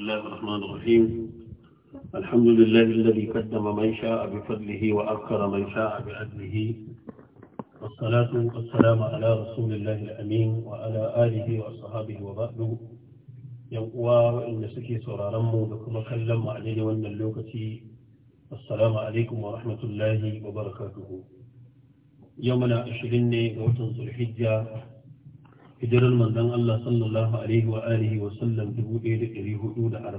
الله الرحمن الرحيم الحمد لله الذي قدم من شاء بفضله وأكثر من شاء بعدله والصلاة والسلام على رسول الله الأمين وعلى آله وصحابه وبعده يوقوا وإن سكي سرارمو بكم كلم عليه وأن اللوكة السلام عليكم ورحمة الله وبركاته يومنا أشرين وتنصر الحجة hijirar manzon Allah sallallahu alaihi wa alihi wa sallam 1441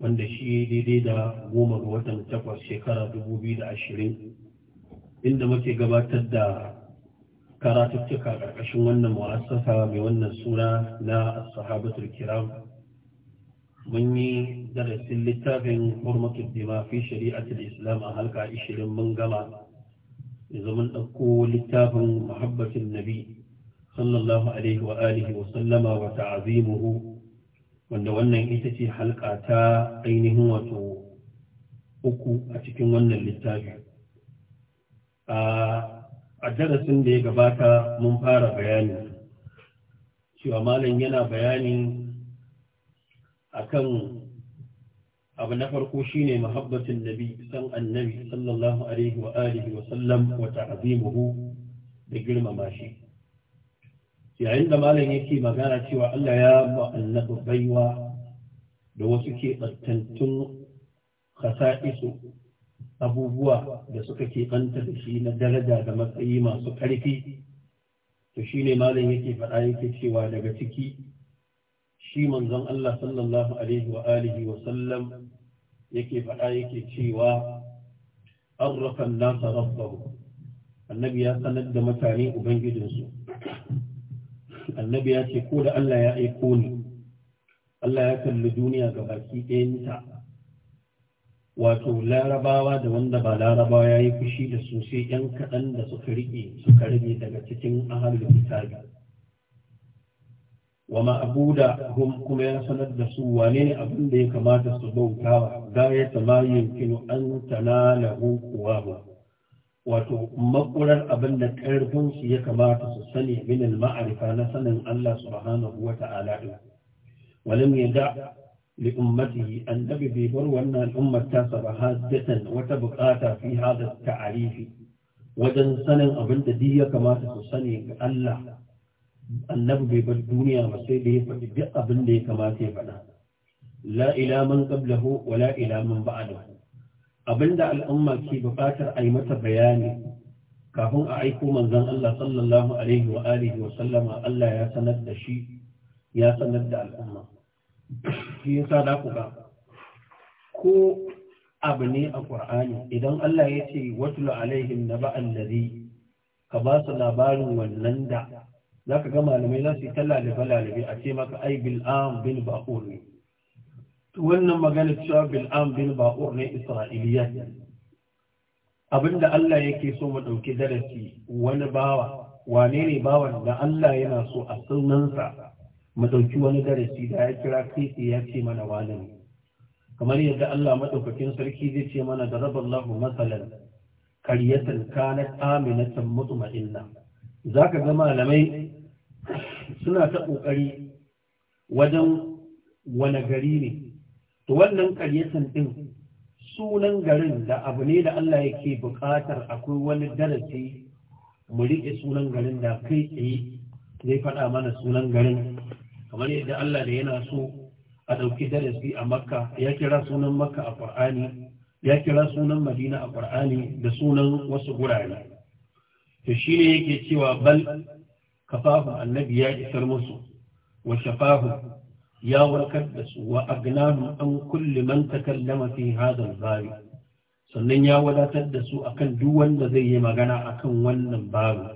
wanda shi daidai da goma ga watan takwas shekara 2020 inda muke gabatar da karatuttuka ƙarƙashin wannan mu'assasa mai wannan suna na sahabatul kiram mun yi darasin littafin hurmatul dima fi shari'atul islam a halka 20 mun gama yanzu mun ɗauko littafin muhabbatin nabi صلى الله عليه وآله وسلم وتعظيمه wanda wannan ita ce halka ta ainihin wato uku a cikin wannan littafi a darasin da ya gabata mun fara bayani cewa malam yana bayani akan abu na farko shine muhabbatin nabi san annabi sallallahu alaihi wa alihi wa sallam wa ta'zimuhu da girmama shi yayin da malam yake magana cewa Allah ya ba annabi baiwa da wasu ke kasa khasa'isu abubuwa da suka ke kanta da shi na daraja da matsayi masu ƙarfi to ne malam yake faɗa yake cewa daga ciki shi manzon Allah sallallahu alaihi wa alihi wa sallam yake faɗa yake cewa arrafa nasa rabbahu annabi ya sanar da mutane ubangijinsu annabi ya ce ko da Allah ya aiko ni Allah ya kalli duniya ga baki ɗayanta wato larabawa da wanda ba larabawa ya yi fushi da su sai ‘yan kaɗan da suka riƙe suka rage daga cikin ahalin kitabi wa ma'abu da hum kuma ya sanar da su wane ne abin da ya kamata su bautawa gayata ma yankinu an tana lahu kuwa ba wato makurar abin da ƙarfinsu ya kamata su sani min maarifa na sanin Allah subhanahu wa ta'ala din walam yada li ummatihi annabi bai bar wannan ummata, ta saba haddatan wata buƙata, fi hada ta'arifi wajen sanin abin da duk ya kamata su sani ga Allah annabi bai bar duniya ba sai da ya faɗi duk abin da ya kamata ya faɗa la ila man qablahu wa la ila man ba'dahu abinda al'umma ke buƙatar a yi mata bayani kafin a aiko manzon Allah sallallahu alaihi wa alihi wa sallama Allah ya sanar da shi ya sanar da al'umma shi yasa ku ga ko abu ne a Qur'ani idan Allah ya ce watlu alaihim naba allazi ka ba su labarin wannan da zaka ga malamai za su yi ta da balalabi a ce maka ai bil'am bil baqur wannan maganar cewa bil'am bin baƙur ne isra'iliya abinda Allah yake so mu ɗauki darasi wani bawa wane ne bawan da Allah yana so a sunansa mu ɗauki wani darasi da ya kira kai ya ce mana wani ne kamar yadda Allah maɗaukakin sarki zai ce mana da rabar lahu masalan karyatan kanat aminatan mutma'inna za ka ga malamai suna ta ƙoƙari wajen wani gari ne to wannan ƙaryatan ɗin sunan garin da abu ne da Allah yake buƙatar akwai wani darasi mu riƙe sunan garin da kai tsaye zai faɗa mana sunan garin kamar yadda Allah da yana so a ɗauki darasi a makka ya kira sunan makka a ƙwar'ani ya kira sunan madina a ƙwar'ani da sunan wasu gurare to shi ne yake cewa bal kafafun annabi ya isar musu wa shafafun يا والكدس وأغناه عن كل من تكلم في هذا الباب sannan ya wadatar da su akan duk wanda zai yi magana akan wannan babu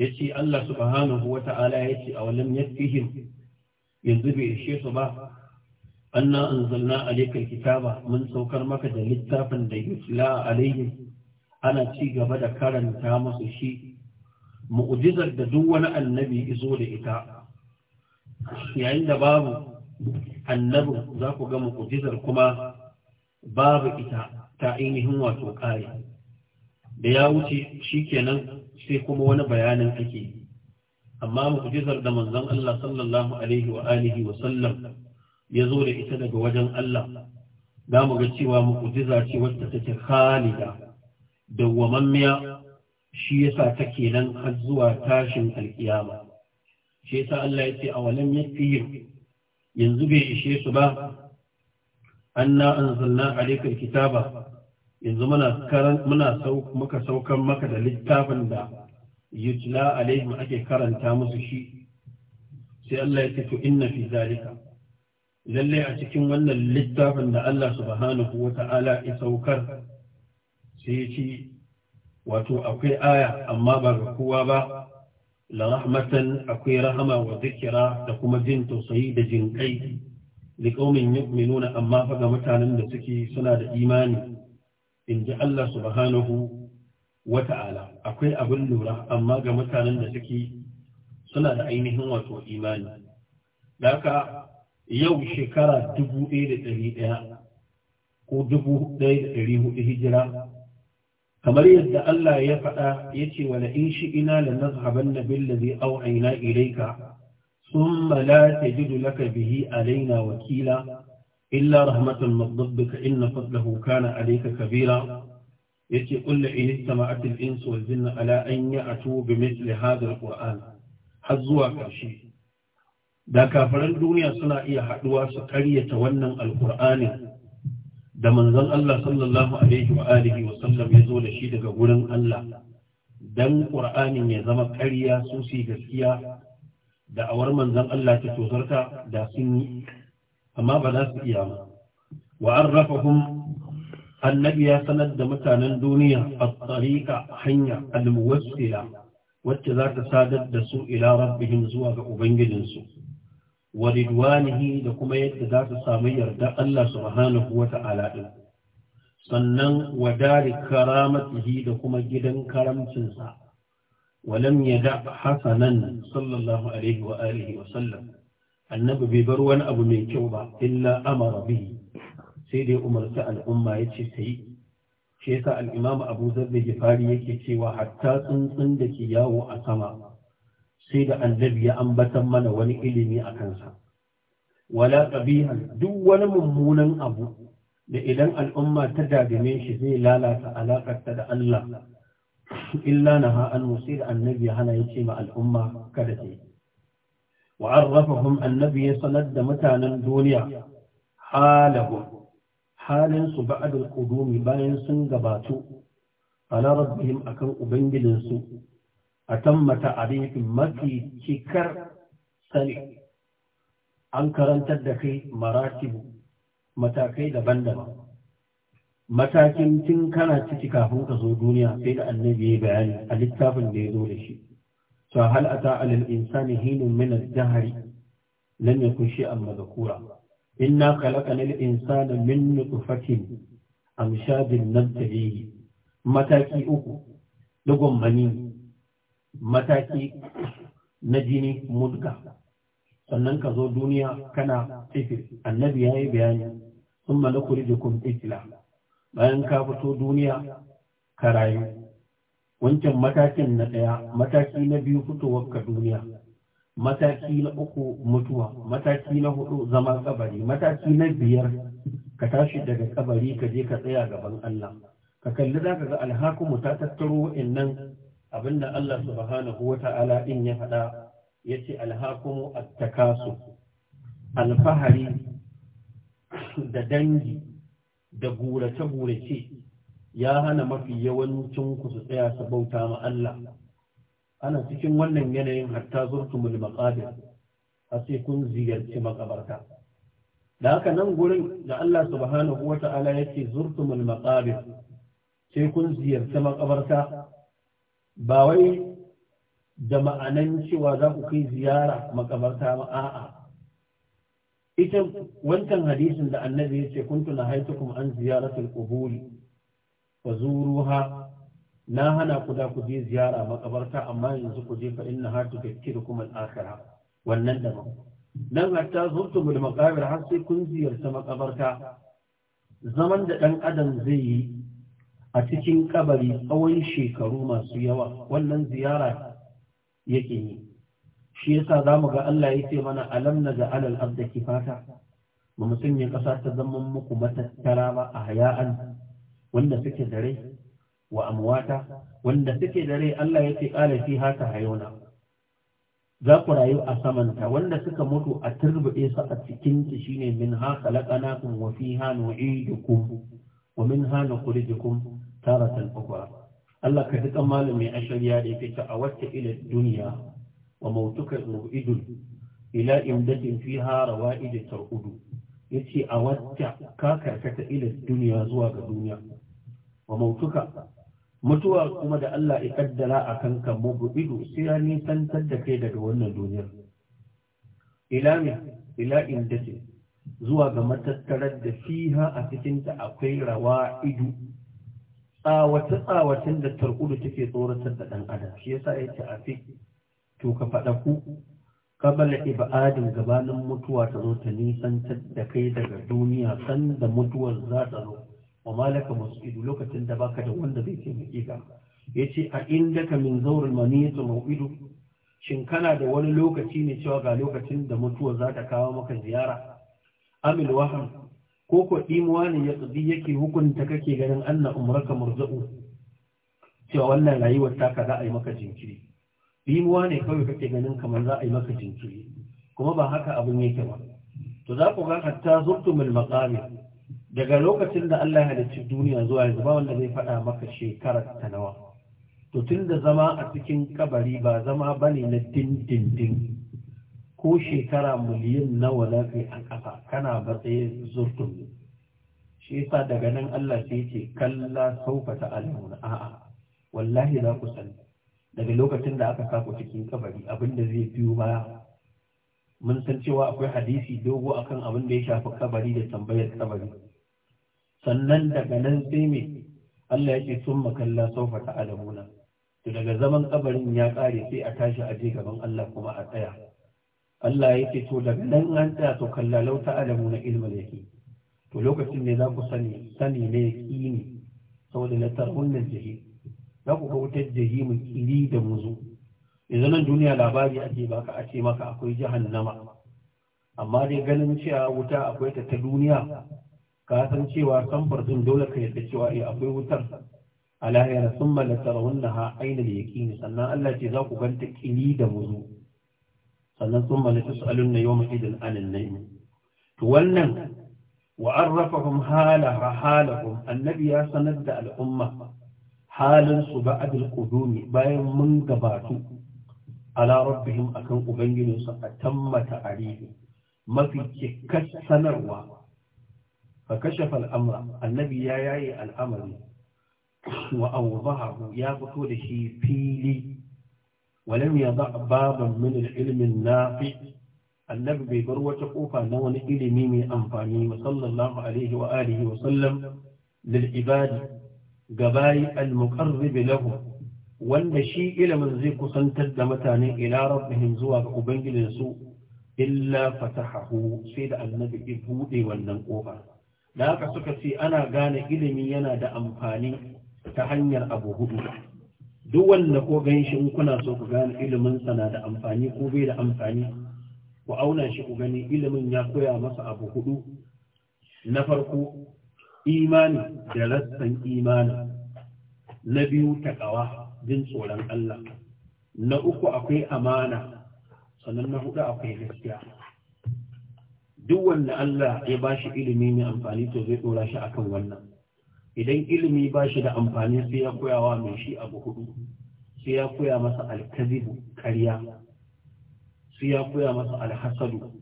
ya ce Allah subhanahu wa ta'ala ya ce a walam yafihim yanzu bai ishe su ba anna anzalna alaikal kitaba mun saukar maka da littafin da yusla alaihim ana ci gaba da karanta masu shi mu'jizar da duk wani annabi izo da ita yayin da babu annabin za ku ga mu'jizar kuma babu ita ta ainihin wato kare da ya wuce shikenan sai kuma wani bayanin ake yi amma mu'jizar da manzon Allah sallallahu alaihi wa alihi wa sallam ya zo da ita daga wajen Allah da mu ga cewa mu'jiza ce wacce take khalida dawwamammiya shi yasa take nan har zuwa tashin alkiyama shi yasa Allah ya ce a walam yakfihim yanzu bai ishe su ba anna anzalna alayka alkitaba yanzu muna muka saukan maka da littafin da yutla alaihim ake karanta musu shi sai Allah ya ce to inna fi zalika Lallai a cikin wannan littafin da Allah subhanahu Ta'ala ya saukar sai ya ce wato akwai aya amma ba ga kowa ba la rahmatan akwai rahama wa zikira da kuma jin tausayi da jin kai li qaumin yu'minuna amma fa ga mutanen da suke suna da imani in ji Allah subhanahu wa ta'ala akwai abin lura amma ga mutanen da suke suna da ainihin wato imani daga yau shekara dubu ɗaya da ɗaya ko dubu da hudu hijira kamar yadda Allah ya faɗa ya ce wa in shi ina da nazhaban na billazi au'aina ilaika sun la jidu laka bihi alaina wakila illa rahmatan maddabbuka inna fadlahu kana alayka kabira yace qul la in istama'at al-insu wal jinnu ala an ya'tu bi mithli hadha har zuwa karshe da kafaran duniya suna iya haduwa su karyata wannan alqur'ani da manzon Allah sallallahu alaihi wa alihi wa sallam ya zo da shi daga gurin Allah dan Qur'anin ya zama ƙarya su su gaskiya da awar manzon Allah ta tozarta da sun yi amma ba za su iya ba wa arrafahum annabi ya sanar da mutanen duniya a tsarika hanya al-muwassila wacce za ta sadar da su ila rabbihim zuwa ga ubangijinsu waridwanihi da kuma yadda za su samu yarda Allah subhanahu wa ta’ala ɗin sannan wadari karamatihi da kuma gidan karamcinsa walam ya da hasanan sallallahu alaihi wa alihi wa sallam annabi bai bar wani abu mai kyau ba illa amara bihi sai ya umarci al'umma ya ce ta yi shi yasa al'imamu abu zabbe gifari yake cewa hatta tsuntsun da ke yawo a sama sai da annabi ya ambatan mana wani ilimi a kansa wala qabihan duk wani mummunan abu da idan al'umma ta dadame shi zai lalata alaƙarta da Allah illa naha an da annabi hana yace ma al'umma kada ta wa arrafahum annabi ya sanar da mutanen duniya halahum halin su ba'd kudumi bayan sun gabatu ala rabbihim akan ubangijinsu a tammata abin mafi cikar sani an karantar da kai maratibu matakai daban-daban matakin tun kana ciki kafin ka zo duniya sai da annabi ya bayani a littafin da ya zo da shi to hal ata alal insani hinun min ad-dahri lam yakun shay'an madhkura inna khalaqnal insana min nutfatin amshajin nabtalihi mataki uku dugun mani mataki na jini mulka sannan ka zo duniya kana tsifir annabi ya yi bayani sun malakuri jikun tsifila bayan ka fito duniya ka rayu wancan matakin na ɗaya mataki na biyu fitowar ka duniya mataki na uku mutuwa mataki na hudu zama kabari mataki na biyar ka tashi daga kabari ka je ka tsaya gaban Allah ka kalli za ka ga alhakumu ta tattaro nan? da Allah subhanahu wa ta'ala in ya haɗa, ya ce alhakumu attakasu alfahari da dangi da gurace-gurace ya hana mafi yawancin ku su tsaya su bauta ma Allah ana cikin wannan yanayin hatta zurtumul maqabir har sai kun ziyarci makabarta da haka nan gurin da Allah subhanahu wa ta'ala ya ce zurtumul maqabir sai kun ziyarci makabarta ba wai da ma'anan cewa za ku kai ziyara makabarta ba a'a ita wancan hadisin da annabi ya ce kuntu na haitukum an ziyaratul kuburi fa zuruha na hana ku da ku je ziyara makabarta amma yanzu ku je fa inna hatu tadhkirukum al-akhirah wannan da Nan hatta da makabir har sai kun ziyarci makabarta zaman da dan adam zai yi a cikin kabari tsawon shekaru masu yawa wannan ziyara yake yi shi yasa za mu ga Allah ya ce mana alam na ga alal abda kifata ba mu sanya ƙasa ta zama muku matattara ba a haya'an wanda suke da rai wa amwata wanda suke da rai Allah ya ce ƙara fi haka hayona za ku rayu a samanta wanda suka mutu a turbuɗe su a cikin ta shine min ha khalaqnakum wa fiha nu'idukum wa min hana kurijikum taratan ukra Allah ka duka malami ashariya da yake ta awatta ila duniya wa mautuka mu'idun ila imdatin fiha rawaid tarudu yace awatta ka karkata ila duniya zuwa ga duniya wa mautuka mutuwa kuma da Allah ya kaddara a kanka mubidu sai ya nisantar da kai daga wannan duniyar ila ila indatin zuwa ga matattarar da fiha a cikin cikinta akwai rawa idu tsawace tsawacin da tarkudu take tsoratar da ɗan adam shi yasa ya ce a fi to ka faɗa ku kabala ibadin gabanin mutuwa ta zo ta nisantar da kai daga duniya san da mutuwar za ta zo wa malaka masu lokacin da baka da wanda zai taimake ka ya ce a inda ka min zaurin maniyatu idu? shin kana da wani lokaci ne cewa ga lokacin da mutuwar za ta kawo maka ziyara amil wahan ko ko imuwa ne ya tsadi yake hukunta kake ganin anna umraka murza'u cewa wannan rayuwar taka za a yi maka jinkiri imuwa ne kawai kake ganin kamar za a yi maka jinkiri kuma ba haka abin yake ba to za ku ga hatta zurtumul maqami daga lokacin da Allah ya halicci duniya zuwa yanzu ba wanda zai faɗa maka shekarar ta nawa to tunda zama a cikin kabari ba zama bane na dindindin ko shekara miliyan nawa za ka a ƙasa kana batse zurtun ne shi yasa daga nan Allah sai ce kalla saufa ta a'a wallahi za ku sani daga lokacin da aka saku cikin kabari abin da zai biyo baya mun san cewa akwai hadisi dogo akan abin da ya shafi kabari da tambayar kabari sannan daga nan sai me Allah yake sun makalla saufa ta alamuna to daga zaman kabarin ya kare sai a tashi a je gaban Allah kuma a tsaya Allah ya ce to daga nan an ta to kallalau ta alamu na ilmin yake to lokacin ne za ku sani sani ne kini saboda na tarhunan jahi za ku ga wutar jahimin kiri da muzu yanzu nan duniya labari ake baka a ce maka akwai jahannama amma dai ganin cewa wuta akwai ta ta duniya ka san cewa samfar din dole ka yadda cewa eh akwai wutar a lahira sun mallata raunnaha ainihin yaƙini sannan Allah ce za ku ganta kili da muzu sannan sun mali tus'alun na yawon idin anin yi. to wannan wa arrafahum hala halahum annabi ya sanar da al'umma halin su ba'adul qudumi bayan mun gabatu ala rabbihim akan ubangijinsu a tammata arihi mafi cikkas sanarwa Ka kashe al'amra annabi ya yayi al'amari wa ya fito da shi fili walam yada baban min ilmin nafi annabi bai bar wata kofa na wani ilimi mai amfani wa alaihi wa alihi wa sallam lil ibadi gabayi al muqarrib wanda shi ilimin zai kusantar da mutane ila rabbihim zuwa ga ubangijin su illa fatahahu sai da annabi ya bude wannan kofa da haka suka ce ana gane ilimi yana da amfani ta hanyar abu huɗu. duk wanda ko gan shi in kuna so ku gane ilimin na da amfani ko bai da amfani ku auna shi ku gani ilimin ya koya masa abu hudu na farko imani da rassan imani na biyu takawa jin tsoron Allah na uku akwai amana sannan na hudu akwai gaskiya duk wanda Allah ya bashi ilimi mai amfani to zai dora shi akan wannan idan ilimi ba shi da amfani sai ya koyawa mai shi abu hudu sai ya koya masa alkazibu karya sai ya koya masa alhasadu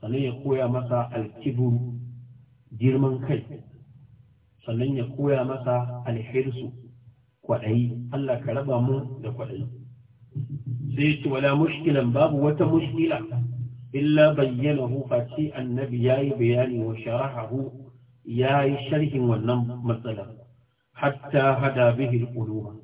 sannan ya koya masa alkiburu girman kai sannan ya koya masa alhirsu kwaɗayi Allah ka raba mu da kwaɗayi sai ya ce wala mushkilan babu wata mushkila illa bayyanahu fati annabi ya yi bayani wa sharahahu ya yi sharhin wannan matsalar hatta hada bihi quluba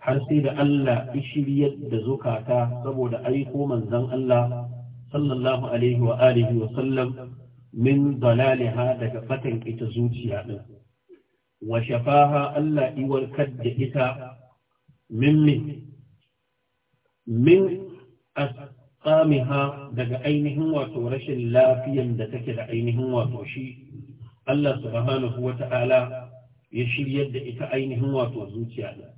har sai da Allah ya shiryar da zukata saboda aiko manzon Allah sallallahu alaihi wa alihi wa sallam min dalaliha daga fatan ita zuciya din wa shafaha Allah iwarkar da ita min min asqamiha daga ainihin wato rashin lafiyan da take da ainihin wato shi Allah subhanahu wa ta'ala ya shiryar da ita ainihin wato zuciya da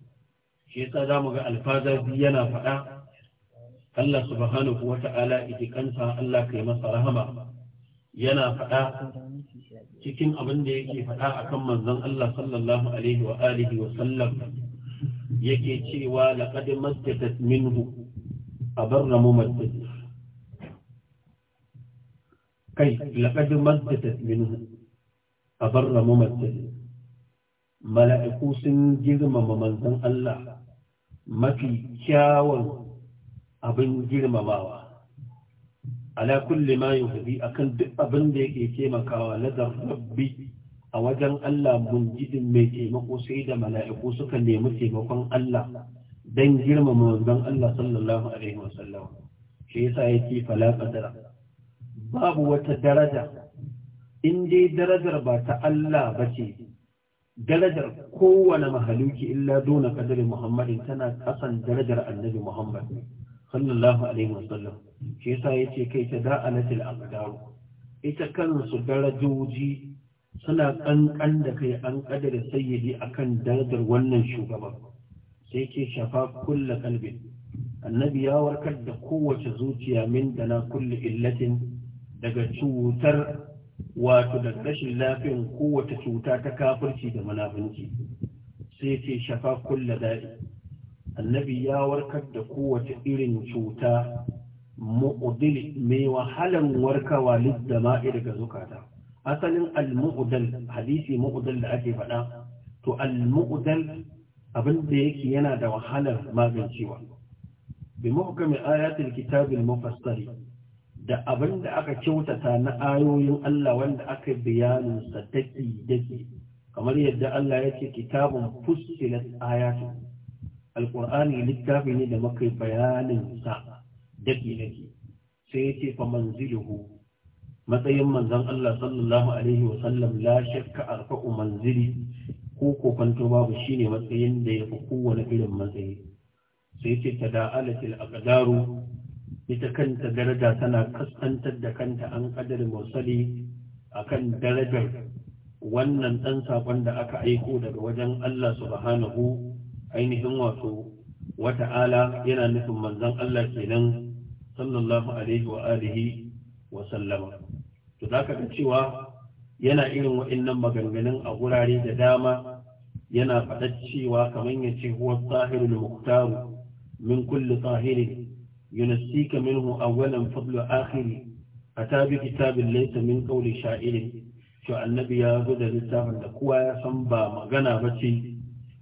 shi yasa za mu ga alfazazi yana faɗa Allah subhanahu wa ta'ala ita kansa Allah kai masa rahama yana faɗa cikin abin da yake faɗa akan manzon Allah sallallahu alaihi wa alihi wa sallam yake cewa laqad masjadat minhu kai minhu abarra mamatsali mala’iku sun girmama manzan Allah mafi kyawun abin girmamawa ala kulle mayan hudu akan duk abin da yake taimakawa na zarrabbi a wajen Allah mun jidin mai taimako sai da mala’iku suka nemi taimakon Allah don girmama manzan Allah sallallahu Alaihi wasallam shi yasa ya ce falakadara babu wata daraja in dai darajar ba ta Allah ba ce darajar kowane mahaluki illa dona kadari muhammadin tana kasan darajar annabi muhammad sallallahu alaihi wasallam shi yasa yace kai ta da'alatil aqdaru ita kansu darajoji suna kankan da kai an kadar sayyidi akan darajar wannan shugaban, sai ke shafa kulla qalbin annabi ya warkar da kowace zuciya min da na kulle illatin daga cutar wato da rashin lafiyan kowace cuta ta kafirci da munafunci sai ce shafa kulla da'i annabi ya warkar da kowace irin cuta mu'udil mai wahalan warkawa lizzama'i daga zukata asalin al-mu'udal hadisi mu'udal da ake faɗa to al-mu'udal abin da yake yana da wahalar magancewa bi muhkamin ayatul kitabil mufassari da abin da aka kyautata na ayoyin Allah wanda aka bayanin sa daki daki kamar yadda Allah ya ce kitabun fusilat ayatu alqur'ani littafi ne da muka bayanin sa daki daki sai yace fa manziluhu matsayin manzon Allah sallallahu alaihi wa sallam la shakka arfa'u manzili ko kofanto babu shine matsayin da yafi kowane irin matsayi sai yace tada'alatil aqdaru ita kanta daraja tana kaskantar da kanta an kadar mursali kan darajar wannan ɗan saƙon da aka aiko daga wajen Allah subhanahu ainihin wato ala) yana nufin manzon Allah kenan sallallahu alaihi wa alihi wa sallama to zaka ga cewa yana irin wa'annan maganganun a gurare da dama yana faɗa cewa kamar ya ce huwa sahirul muktaru min kulli tsahirin ينسيك منه أولا فضل آخر أتى بكتاب ليس من قول شاعر شو النبي يا بدا لتاب الأقوى صنبا مغنى بتي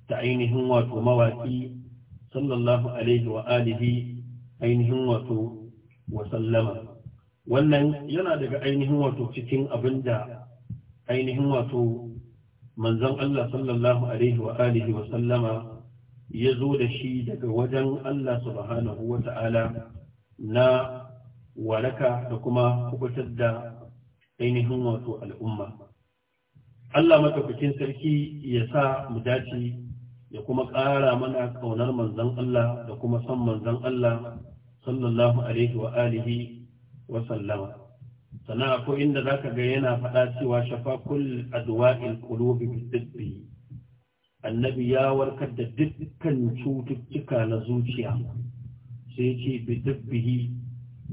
تعينه واتو مواكي صلى الله عليه وآله عينه واتو وسلم wannan yana daga ainihin wato cikin abin da ainihin wato manzon Allah sallallahu alaihi wa alihi wa sallama ya zo da shi daga wajen Allah subhanahu wa ta'ala na waraka da kuma kubutar da ainihin wato al'umma. Allah matakakin sarki ya sa mu dace ya kuma ƙara mana ƙaunar manzan Allah da kuma san manzan Allah sallallahu alaihi wa alihi wa sallama. Sana inda za ka ga yana faɗa cewa shafakul adwa'il qulubi bi annabi ya warkar da dukkan cututtuka na zuciya sai ce bidabbihi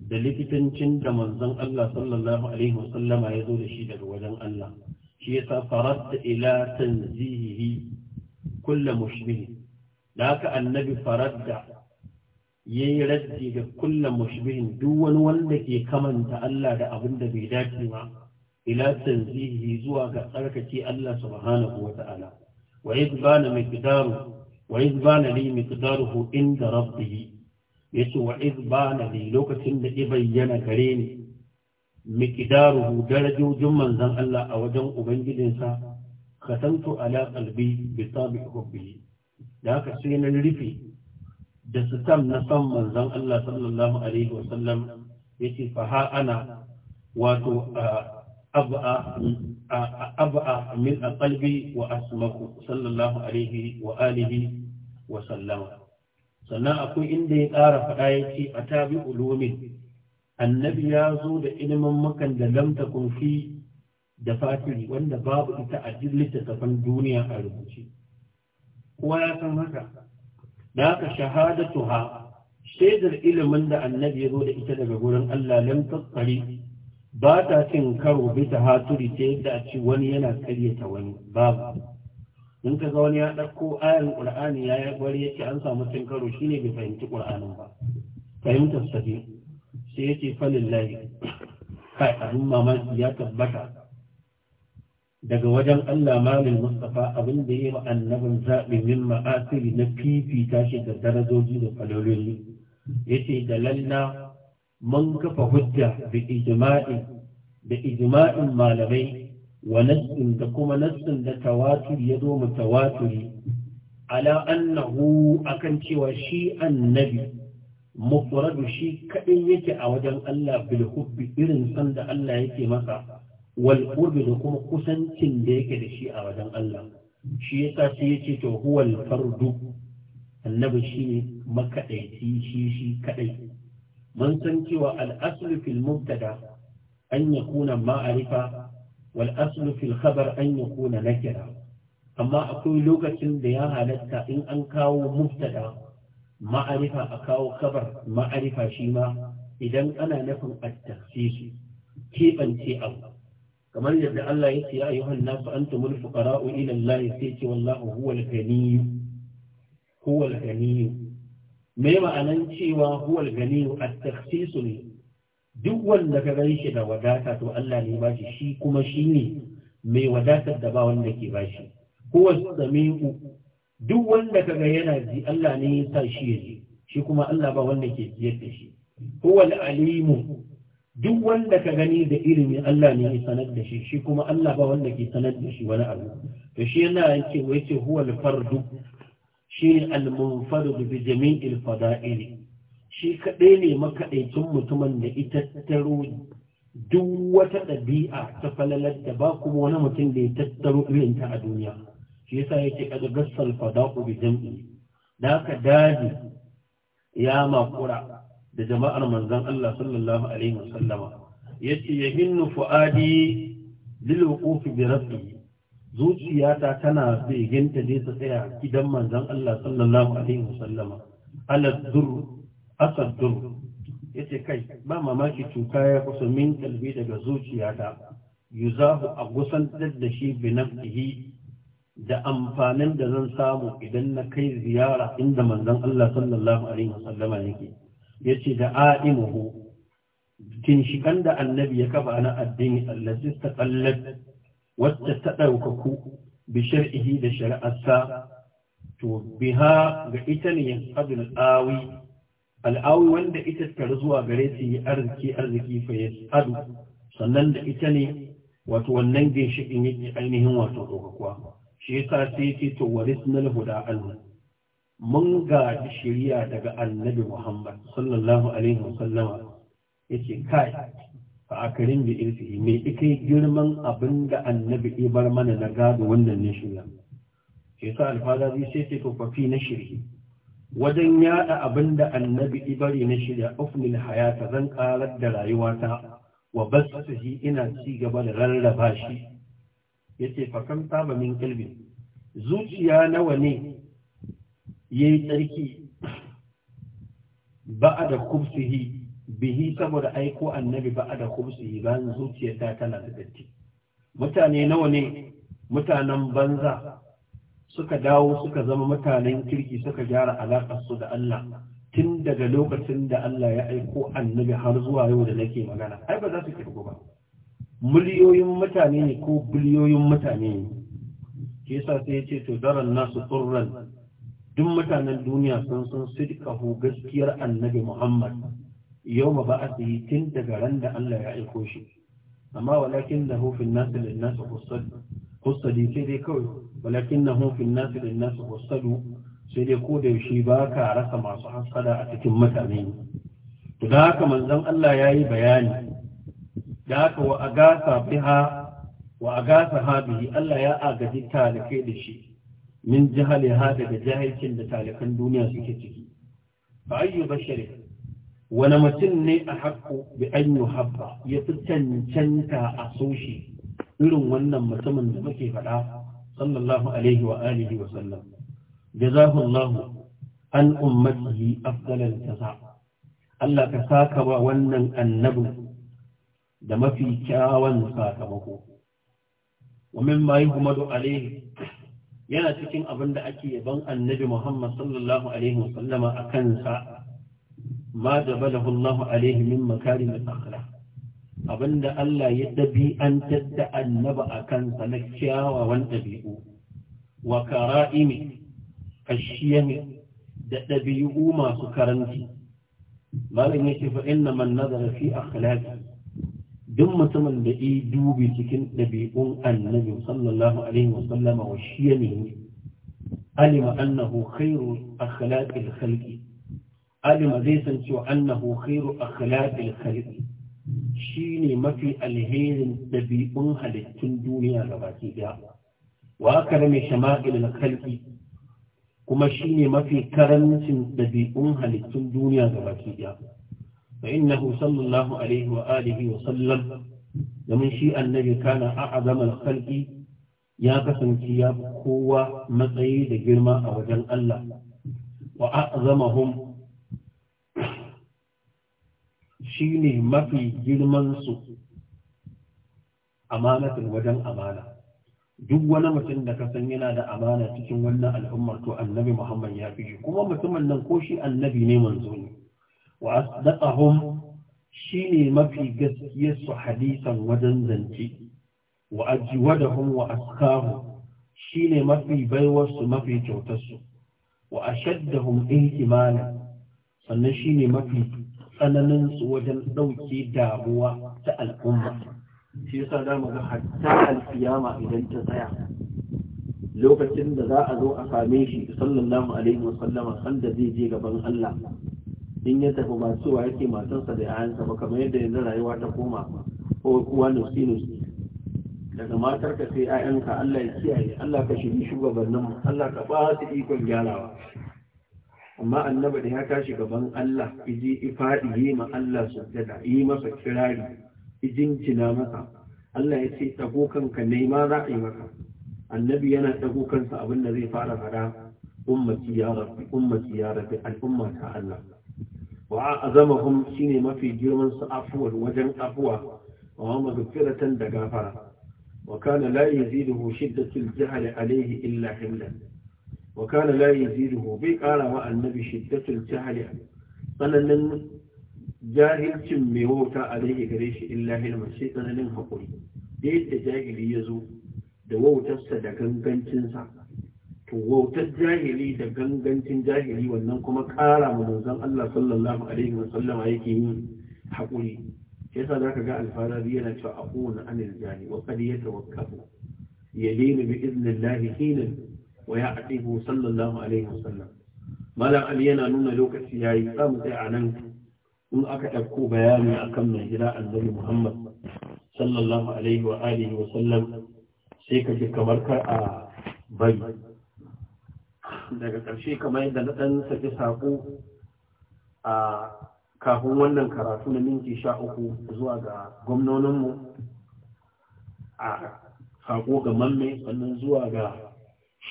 da likitancin da manzon Allah sallallahu alaihi wasallama ya zo da shi daga wajen Allah shi yasa farad ila tanzihi kullu mushbih da annabi faradda yayi raddi ga kullu mushbih duk wani wanda ke kamanta Allah da abin da bai dace ba ila tanzihi zuwa ga tsarkake Allah subhanahu wata'ala wa izbana miqdaru wa izbana li miqdaruhu ya ce yace ba na li lokacin da ibayyana gare ne ni miqdaruhu darajojin manzan Allah a wajen ubangijinsa katantu ala qalbi bi tabi hubbi da aka ce na rufe da sitam na san manzan Allah sallallahu alaihi Wasallam ya ce fa ha ana wato ab'a a من قلبي وأسمه صلى الله عليه وآله وسلم sannan akwai inda ya ƙara faɗa ya ce a tabi ulumin annabi ya zo da ilimin makan da lamta kunfi da fatiri wanda babu ita a duk littattafan duniya a rubuce kowa ya san haka da haka shahadatu ha shaidar ilimin da annabi ya zo da ita daga gurin Allah lam tasari ba ta cin karo bisa haturi ta yadda a ci wani yana karyata wani babu in ka ga wani ya ɗauko ayan ƙur'ani ya yi bari yake an samu cin karo shi ne bai fahimci ƙur'anin ba fahimtar sa sai ya ce falin falillahi kai abin mamaki ya tabbata daga wajen Allah malin Mustapha, abin da ya yi wa annabin zaɓi min ma'asiri na fifita shi da darajoji da Ya yace da lalla mun kafa hujja bi da ijma'in malamai wa nassin da kuma nassin da tawaturi ya zo tawaturi. ala annahu akan cewa shi annabi mufradu shi kaɗai yake a wajen Allah bilhubbi irin sanda Allah yake masa wal da kuma kusancin da yake da shi a wajen Allah shi yasa sai yace to huwal fardu annabi shi ne makadaici shi shi kadai mun san cewa al'aslu fil mubtada an kuna ma'arifa wal aslu fil khabar an yakuna nakira amma akwai lokacin da ya halatta in an kawo mubtada ma'arifa a kawo khabar ma'arifa shi ma idan ana nufin a tafsir keɓance abu kamar yadda Allah ya ce ya ayyuhan nasu antumul fuqara'u ila Allah sai ce wallahu huwal ghani huwal ghani me ma'anan cewa huwal ganiyu at-takhsisu ne duk wanda ka gani shi da wadata to Allah ne ba shi shi kuma shi ne mai wadatar da ba wanda ke ba shi huwas sami'u duk wanda ka ga yana ji Allah ne ya sa shi ya ji shi kuma Allah ba wanda ke ji da shi huwal alimu duk wanda ka gani da ilimi Allah ne ya sanar da shi shi kuma Allah ba wanda ke sanar da shi wani abu to shi yana yake wai ce huwal fardu shine al-munfarid bi jami'il fada'ili shi kaɗai ne makaɗaicin mutumin da ita tattaro duk wata ɗabi'a ta falalar da ba kuma wani mutum da ya tattaro irinta a duniya shi yasa yake kada gassal fada'u bi jam'i da haka daji ya makura da jama'ar manzon Allah sallallahu alaihi wasallama yace yahinnu fuadi lil wuquf bi rabbi zuciyata tana beginta ne ta tsaya gidan manzon Allah sallallahu alaihi wasallama alazzur asaddur yace kai ba mamaki cuta ya kusa min kalbi daga zuciyata yuzahu a gusantar da shi binafihi da amfanin da zan samu idan na kai ziyara inda manzon Allah sallallahu alaihi wasallama yake yace da a'imuhu kinshikan da annabi ya kafa na addini allazi taqallat wacce ta ɗaukaku bi shar'ihi da shari'arsa to biha ga ita ne yanqadul awi al'awi wanda ita ta zuwa gare su yi arziki arziki fa yasadu sannan da ita ne wato wannan ginshikin yake ainihin wato ɗaukakuwa shi yasa sai ce to warisnal huda anhu mun ga shiriya daga annabi Muhammad sallallahu alaihi wasallama yace kai fa akrim bi irsihi me ikai girman abinda annabi ibar mana na gado wannan ne shi sai sa alfada sai ce fa fi na shirhi wajen yada abinda annabi bari na shirya ufnil hayata zan karar da rayuwata wa basasihi ina ci gaba da rarraba shi yace fa kan saba min kalbi zuciya nawa ne yayi tsarki ba'a da kubsihi bihi saboda aiko annabi ba a da kubsi bayan ta tana da datti mutane nawa ne mutanen banza suka dawo suka zama mutanen kirki suka gyara alaƙar su da Allah tun daga lokacin da Allah ya aiko annabi har zuwa yau da nake magana ai ba za su kirgo ba miliyoyin mutane ne ko biliyoyin mutane ne ke yasa sai ya ce to daren nasu turran duk mutanen duniya sun san sidqahu gaskiyar annabi Muhammad yau ba a tin daga ran da Allah ya aiko shi amma walakin na hufin nasu da nasu sai dai kawai walakin na hufin sai dai ko da yaushe ba ka rasa masu hasada a cikin mutane to da haka manzon Allah ya yi bayani da haka wa agasa biha Allah ya agaji talikai da shi min jihali ha daga jahilcin da talikan duniya suke ciki fa ayyu bashari wani mutum ne a haƙƙo bi an yi haɓɓa ya fi cancanta a soshi irin wannan mutumin da muke faɗa sallallahu alaihi wa alihi wa sallam jazahullahu an ummatihi afdalan jasa Allah ka saka ba wannan annabi da mafi kyawun sakamako ومن ما يحمد عليه yana cikin abin da ake yaban annabi Muhammad sallallahu alaihi wasallama a kansa ma jabalahu Allah alaihi min makarim al-akhlaq abinda Allah ya dabi'antar da annaba akan sa na kyawawan dabi'u wa kara'imi ashiyami da dabi'u masu karanci malam yace fa inna man nazara fi akhlaqi duk mutumin da yi dubi cikin ɗabi'un annabi sallallahu alaihi wa sallama wa shiyamihi alima annahu khairu akhlaqil khalqi alima zai sanci cewa annahu khairu akhlaqil khalqi shine mafi alherin dabi'un halittun duniya gabaki daya wa akrami shama'ilil khalqi kuma shine mafi karancin dabi'un halittun duniya gabaki daya fa innahu sallallahu alaihi wa alihi wa sallam domin shi annabi kana a'zamal khalqi ya kasance ya kowa matsayi da girma a wajen Allah wa a'zamahum shine mafi girman su amanatin wajen amana duk wani mutum da ka san yana da amana cikin wannan al'ummar to annabi Muhammad ya fi kuma mutumin nan ko shi annabi ne manzo ne wa asdaqahum shine mafi gaskiya su hadisan wajen zance wa ajwadahum wa askahu shine mafi baiwar su mafi kyautar su wa ashaddahum ihtimala sannan shine mafi tsananin su wajen ɗauke damuwa ta al'umma shi yasa za mu ga hatta alfiyama idan ta tsaya lokacin da za a zo a same shi sallallahu alaihi wa sallama sanda zai je gaban Allah in ya tafi ba cewa yake matarsa da yayansa ba kamar yadda yanzu rayuwa ta koma ko kuwa nusi nusi daga matarka sai 'ya'yanka Allah ya kiyaye Allah ka shiri shugabanninmu Allah ka ba su ikon gyarawa amma annabi da ya tashi gaban Allah iji ifaɗi yi ma Allah sujjada yi masa kirari ijinkina masa Allah ya ce tago kanka ne ma za a yi maka annabi yana tago kansa abin da zai fara fada ummati ya rabbi ummati ya rabbi al'umma ta Allah wa azamahum shine mafi girman su afuwar wajen afuwa wa magfiratan da gafara wa kana la yaziduhu shiddatul jahl alayhi illa himlan wa kana la yaziduhu bai kara ma annabi shiddatul jahli tsananin jahilcin mai wauta alaihi gare shi illa hilma sai tsananin hakuri da jahili ya zo da wautarsa da gangancinsa to wautar jahili da gangancin jahili wannan kuma kara ma manzon Allah sallallahu alaihi wa sallama yake yin hakuri yasa zaka ga alfarari yana cewa aquna anil jahili wa qad yatawakkafu yalinu bi idnillahi hina Waya ya aqibu sallallahu alaihi wasallam malam ali yana nuna lokaci yi. za mu a nan in aka ɗauko bayani a kan mai jira annabi muhammad sallallahu alaihi wa alihi sallam sai ka ji kamar kar a bari daga ƙarshe kamar yadda na ɗan saki saƙo a kafin wannan karatu na minti sha uku zuwa ga gwamnoninmu a saƙo ga mamme sannan zuwa ga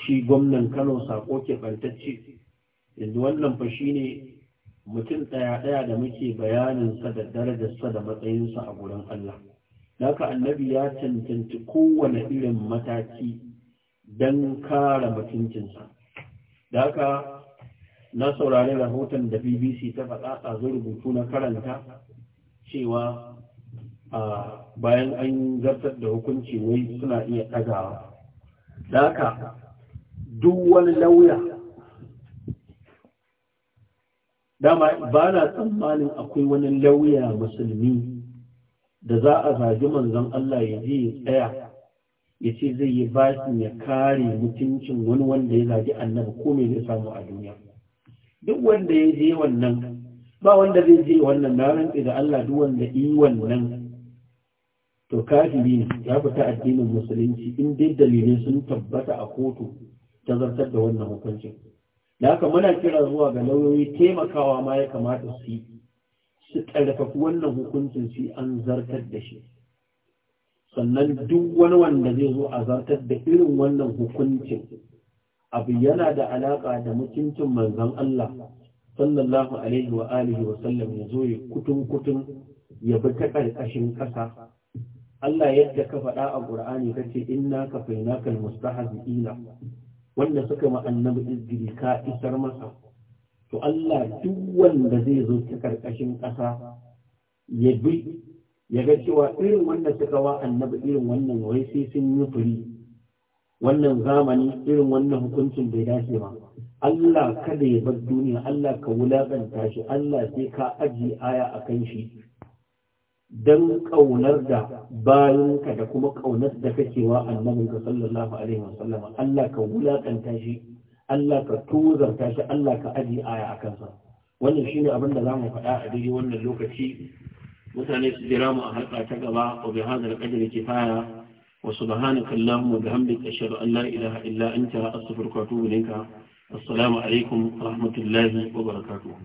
shi gwamnan kano sako keɓantacce yanzu wannan fa shi ne mutum ɗaya-ɗaya da muke bayanin sa da darajarsa da matsayinsa a gurin Allah. Daka annabi ya cancanci kowane irin mataki don kare mutuncinsa. Daka na saurari rahoton da BBC ta faɗa a rubutu na karanta cewa a bayan an zartar da hukunci wai suna iya ɗagawa. Daka duk wani lauya dama ba na tsammanin akwai wani lauya musulmi da za a zagi manzon Allah ya je ya tsaya ya ce zai yi bashi ya kare mutuncin wani wanda ya zagi annabi ko me zai samu a duniya duk wanda ya je wannan ba wanda zai je wannan na rantsi da Allah duk wanda yi wannan to kafiri ne ya fita addinin musulunci in dai dalilai sun tabbata a kotu ta zartar da wannan hukuncin da haka muna kira zuwa ga lauyoyi taimakawa ma ya kamata su yi su ƙarfafi wannan hukuncin su an zartar da shi sannan duk wani wanda zai zo a zartar da irin wannan hukuncin abu yana da alaƙa da mutuncin manzon Allah sallallahu alaihi wa alihi wa sallam ya zo ya kutun kutun ya bi ta ƙarƙashin ƙasa Allah yadda ka faɗa a Qur'ani kace inna kafainakal mustahzi'ina wanda suka ma annabi izgiri ka isar masa to Allah duk wanda zai zo ta karkashin ƙasa ya bi ya ga cewa irin wannan suka wa annabi irin wannan wai sai sun yi furi wannan zamani irin wannan hukuncin bai dace ba Allah kada ya bar duniya Allah ka wulaƙanta shi Allah sai ka ajiye aya a kan shi don ƙaunar da bayanka da kuma ƙaunar da kake wa annabinka sallallahu alaihi wasallam Allah ka wulaƙanta shi Allah ka tozarta shi Allah ka aji aya a kansa wannan shine abin da zamu faɗa a daidai wannan lokaci mutane su jira mu a halka ta gaba wa bi hadal qadri kifaya wa subhanaka allahumma wa bihamdika ashhadu an la ilaha illa anta astaghfiruka wa atubu ilayka assalamu alaikum wa rahmatullahi wa barakatuh